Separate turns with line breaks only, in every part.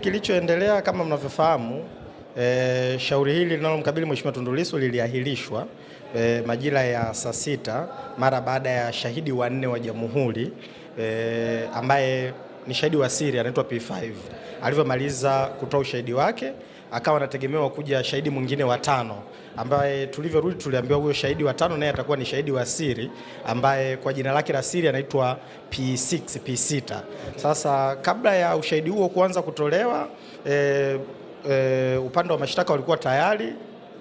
Kilichoendelea kama mnavyofahamu, e, shauri hili linalomkabili Mheshimiwa Tundu Lissu liliahirishwa e, majira ya saa sita mara baada ya shahidi wanne wa Jamhuri e, ambaye ni shahidi wa siri anaitwa P5. Alivyomaliza kutoa ushahidi wake, akawa anategemewa kuja shahidi mwingine wa tano, ambaye tulivyorudi tuliambiwa huyo shahidi wa tano naye atakuwa ni shahidi wa siri ambaye kwa jina lake la siri anaitwa P6, P6. Sasa kabla ya ushahidi huo kuanza kutolewa e, e, upande wa mashtaka walikuwa tayari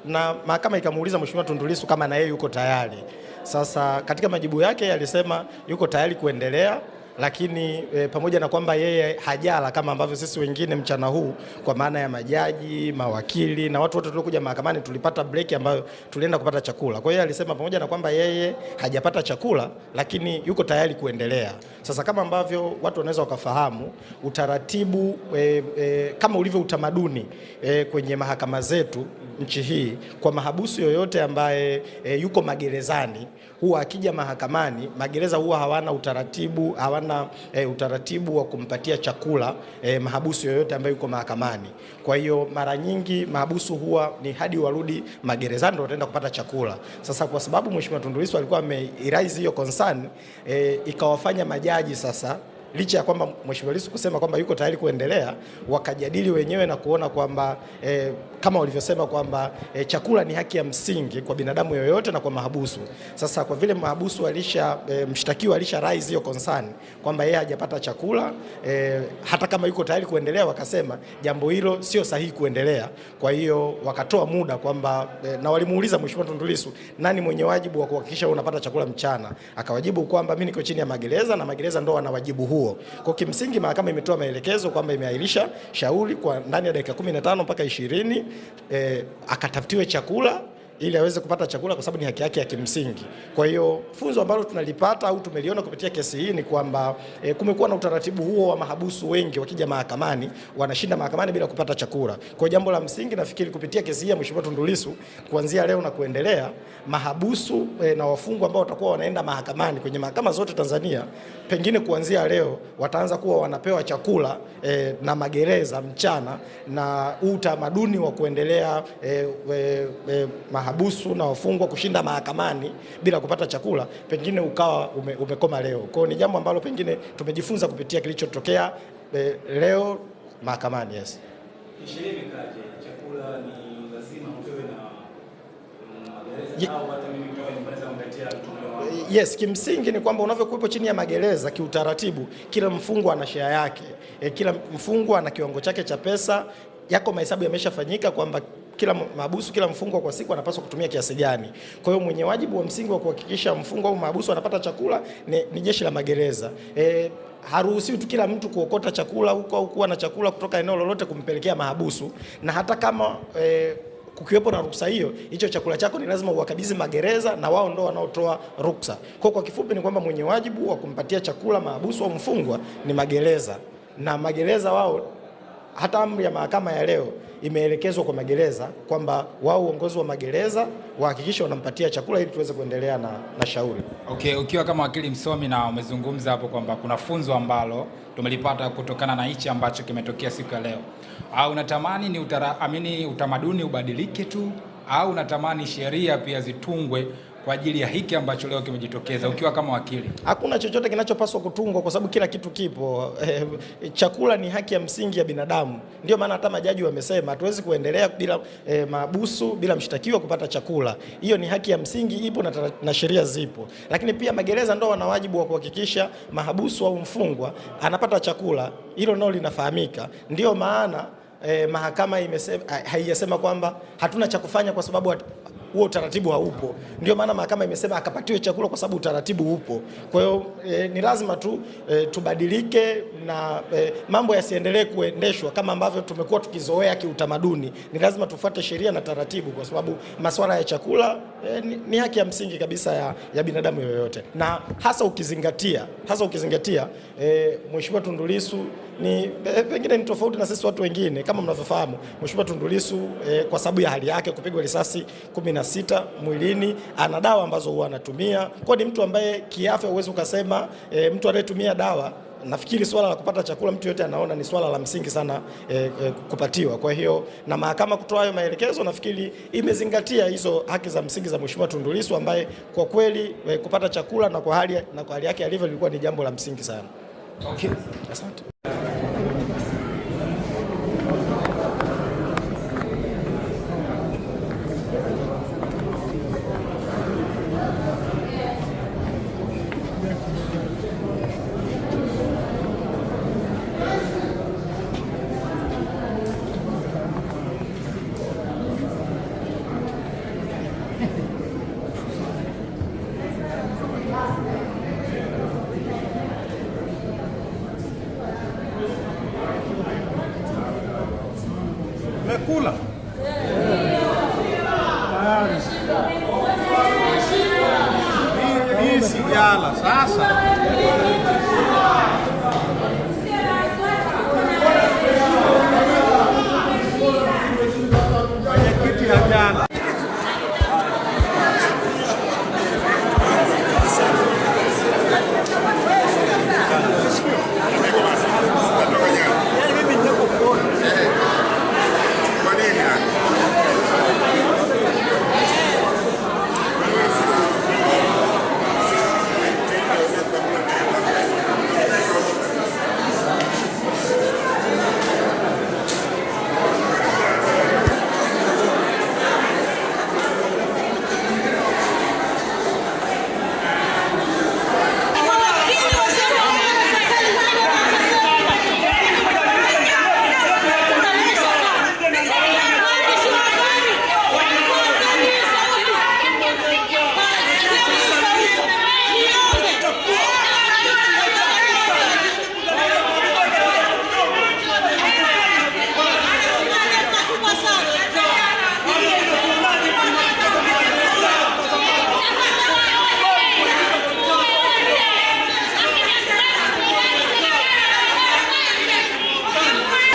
na mahakama ikamuuliza Mheshimiwa Tundu Lissu kama na yeye yuko tayari. Sasa katika majibu yake alisema yuko tayari kuendelea lakini e, pamoja na kwamba yeye hajala kama ambavyo sisi wengine mchana huu, kwa maana ya majaji, mawakili na watu wote tuliokuja mahakamani tulipata break ambayo tulienda kupata chakula. Kwa hiyo alisema pamoja na kwamba yeye hajapata chakula, lakini yuko tayari kuendelea. Sasa kama ambavyo watu wanaweza wakafahamu utaratibu e, e, kama ulivyo utamaduni e, kwenye mahakama zetu nchi hii kwa mahabusu yoyote ambaye e, yuko magerezani huwa akija mahakamani, magereza huwa hawana utaratibu hawana e, utaratibu wa kumpatia chakula e, mahabusu yoyote ambaye yuko mahakamani. Kwa hiyo mara nyingi mahabusu huwa ni hadi warudi magerezani ndio wataenda kupata chakula. Sasa kwa sababu Mheshimiwa Tundu Lissu alikuwa ameiraise hiyo concern e, ikawafanya majaji sasa licha ya kwamba Mheshimiwa Lissu kusema kwamba yuko tayari kuendelea, wakajadili wenyewe na kuona kwamba e, kama walivyosema kwamba e, chakula ni haki ya msingi kwa binadamu yoyote na kwa mahabusu. Sasa kwa vile mahabusu alisha e, mshtakiwa alisha raise hiyo concern kwamba yeye hajapata chakula e, hata kama yuko tayari kuendelea, wakasema jambo hilo sio sahihi kuendelea. Kwa hiyo wakatoa muda kwamba e, na walimuuliza Mheshimiwa Tundu Lissu nani mwenye wajibu wa kuhakikisha unapata chakula mchana, akawajibu kwamba mimi niko chini ya magereza na magereza ndo wana wajibu huo huo. Kwa kimsingi, mahakama imetoa maelekezo kwamba imeahirisha shauri kwa ndani ya dakika 15 mpaka 20 eh, akatafutiwe chakula ili aweze kupata chakula kwa sababu ni haki yake ya kimsingi. Kwa hiyo funzo ambalo tunalipata au tumeliona kupitia kesi hii ni kwamba e, kumekuwa na utaratibu huo wa mahabusu wengi wakija mahakamani wanashinda mahakamani bila kupata chakula. Kwa jambo la msingi nafikiri kupitia kesi hii ya Mheshimiwa Tundu Lissu kuanzia leo na kuendelea mahabusu e, na wafungwa ambao watakuwa wanaenda mahakamani kwenye mahakama zote Tanzania, pengine kuanzia leo wataanza kuwa wanapewa chakula e, na magereza mchana na utamaduni wa kuendelea e, e, e, mahabusu na wafungwa kushinda mahakamani bila kupata chakula, pengine ukawa ume, umekoma leo. Kwa hiyo ni jambo ambalo pengine tumejifunza kupitia kilichotokea e, leo mahakamani. Yes. Eh, yes, kimsingi ni kwamba unavyokuwepo chini ya magereza kiutaratibu, kila mfungwa ana share yake. E, kila mfungwa ana kiwango chake cha pesa. Yako mahesabu yameshafanyika kwamba kila mahabusu kila mfungwa kwa siku anapaswa kutumia kiasi gani. Kwa hiyo mwenye wajibu wa msingi wa kuhakikisha mfungwa au mahabusu anapata chakula ni, ni jeshi la magereza e, haruhusiwi tu kila mtu kuokota chakula huko au kuwa na chakula kutoka eneo lolote kumpelekea mahabusu, na hata kama e, kukiwepo na ruksa hiyo, hicho chakula chako ni lazima uwakabidhi magereza na wao ndo wanaotoa ruksa. Kwa kwa kifupi ni kwamba mwenye wajibu wa kumpatia chakula mahabusu au mfungwa ni magereza, na magereza wao hata amri ya mahakama ya leo imeelekezwa kwa magereza kwamba wao uongozi wa magereza wahakikisha wanampatia chakula ili tuweze kuendelea na, na shauri.
Okay, ukiwa kama wakili msomi na umezungumza hapo kwamba kuna funzo ambalo tumelipata kutokana na hichi ambacho kimetokea siku ya leo, au ah, unatamani ni utara, amini utamaduni ubadilike tu au unatamani sheria pia zitungwe kwa ajili ya hiki ambacho leo kimejitokeza ukiwa kama wakili?
Hakuna chochote kinachopaswa kutungwa kwa sababu kila kitu kipo. Eh, chakula ni haki ya msingi ya binadamu. Ndio maana hata majaji wamesema hatuwezi kuendelea bila eh, mahabusu bila mshtakiwa kupata chakula. Hiyo ni haki ya msingi ipo na, na sheria zipo, lakini pia magereza ndo wana wajibu wa kuhakikisha mahabusu au mfungwa anapata chakula. Hilo nao linafahamika, ndio maana Eh, mahakama imesema haijasema kwamba hatuna cha kufanya kwa sababu huo utaratibu haupo. Ndio maana mahakama imesema akapatiwe chakula kwa sababu utaratibu upo. Kwa hiyo e, ni lazima tu e, tubadilike na e, mambo yasiendelee kuendeshwa kama ambavyo tumekuwa tukizoea kiutamaduni. Ni lazima tufuate sheria na taratibu, kwa sababu masuala ya chakula e, ni, ni haki ya msingi kabisa ya, ya binadamu yoyote, na hasa ukizingatia hasa ukizingatia e, Mheshimiwa Tundu Lissu ni eh, pengine ni tofauti na sisi watu wengine. Kama mnavyofahamu, Mheshimiwa Tundu Lissu eh, kwa sababu ya hali yake kupigwa risasi 16 mwilini, ana dawa ambazo huwa anatumia, kwa ni mtu ambaye kiafya huwezi ukasema eh, mtu anayetumia dawa nafikiri swala la kupata chakula mtu yote anaona ni swala la msingi sana e, e, kupatiwa. Kwa hiyo na mahakama kutoa hayo maelekezo, nafikiri imezingatia hizo haki za msingi za Mheshimiwa Tundu Lissu ambaye kwa kweli e, kupata chakula na kwa hali, na kwa hali yake alivyo lilikuwa ni jambo la msingi sana.
Okay. Asante. kula tayari hii sijala sasa